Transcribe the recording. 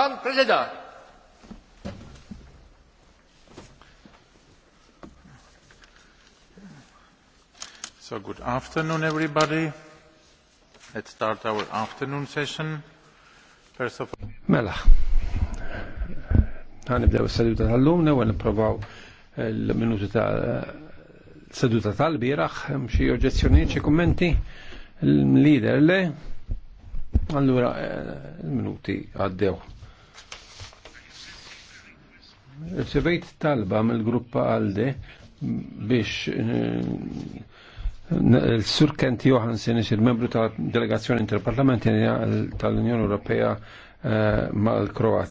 Pan Prezydent. So good afternoon everybody. Let's start our afternoon session. First of all. Mela. Għan Għanibdew s-seduta tal-lum, għan niprovaw il-minuti ta' seduta tal-biraħ, mxie oġezzjoni, xie kommenti, l-lider le, allura eh, l minuti għaddew. Sebejt talba mill-gruppa Alde biex eh, il-Sur Kent Johansen, il-membru tal-delegazzjoni interparlamentari tal-Unjoni Ewropea eh, mal-Kroat.